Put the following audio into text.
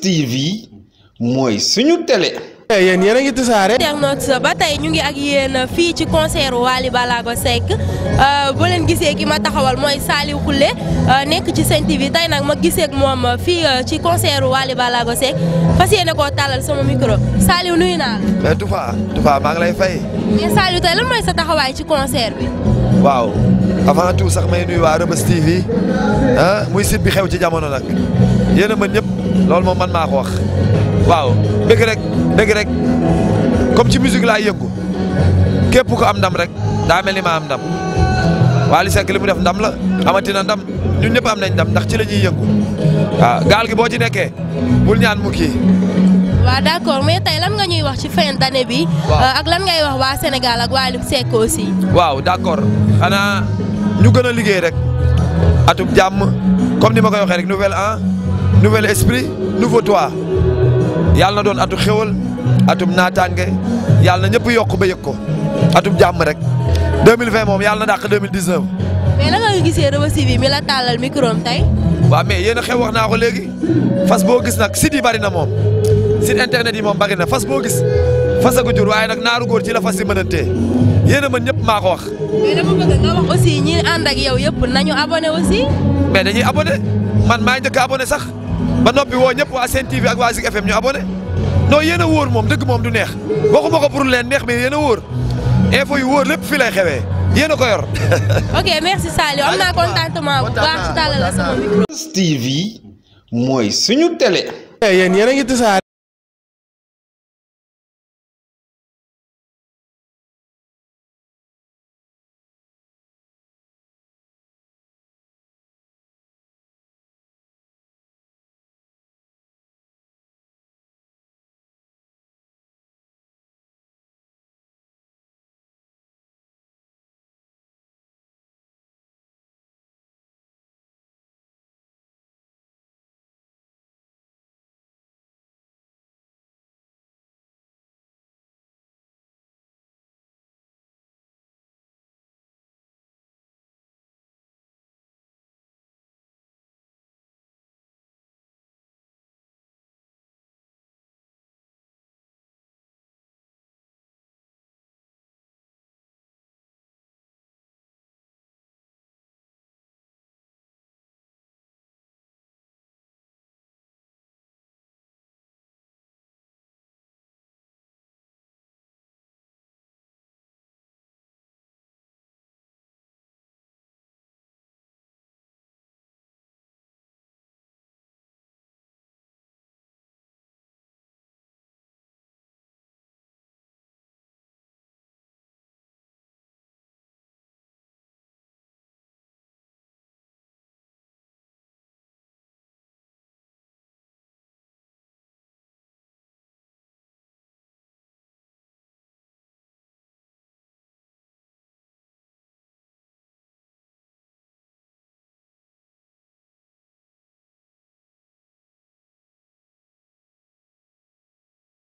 TV mooy suñu télé. Eh, yéen yéen a ngi tasaare. internaute ba tey ñu ngi ak yéen fii ci concert Wally Ballago Seck euh, boo leen gisee ki ma taxawal mooy Saliou Khoulé euh, nekk ci Sen TV tey nag ma giseek moom fii euh, ci concert Wally Ballago Seck fas yéene koo tàllal sama micro Saliou nuyu naa la. mais eh, Toufa lay fay. mais tey lan mooy sa taxawaay ci concert bi. waaw. avant tout sax may nuyu waa Reubeuss TV ah muy site bi xew ci jamono nag yéen a mën ñëpp loolu moom man maa ko wax waaw bëgg rek bëgg rek comme ci musique laay yëngu képp ko am ndam rek daa mel ni maa am ndam Wally Seck mu def ndam la amatina ndam ñun ñëpp am nañ ndam ndax ci la ñuy yëngu waaw gaal gi boo ci nekkee bul ñaan mu kii. waaw d'accord mais tey lan nga ñuy wax ci fin d'année bi. Euh, ak lan ngay wax waa Sénégal ak Wally Seck waaw d'accord xanaa. ñu gëna a rek atum jàmm comme ni ma koy waxee rek nouvelle an nouvel esprit nouveau toi yàlla na doon atu xewal atum natangé yàlla na ñëpp yokku ba yëg ko atum jàmm rek 2020 mom yàlla na dàq 2019. mais la nga gisee Reubeuss TV mi la talal micro am tey. waaw mais yéen xew wax na ko légui fas bo gis nak site yi bari na moom site internet yi mom bari na fas boo gis fas a ko jur waye nak naru gor ci la fas yi mënantee. yéen a mën ñëpp maa ko wax. mais dama aussi ñi ànd ak yow yëpp nañu abonné aussi. mais dañuy abonné man maa njëkk a abonné sax ba noppi woo ñëpp waa Sen TV ak waa Zik FM ñu abonné non yéen a moom dëgg moom du neex waxuma ko pour leen neex mais yéen a wóor info yu wóor lépp fii lay xewee yéen ko yor. ok merci Saliou am naa contentement bu baax ci tàllal la sama TV mooy suñu télé. Eh, yéen yéen a ngi tasaare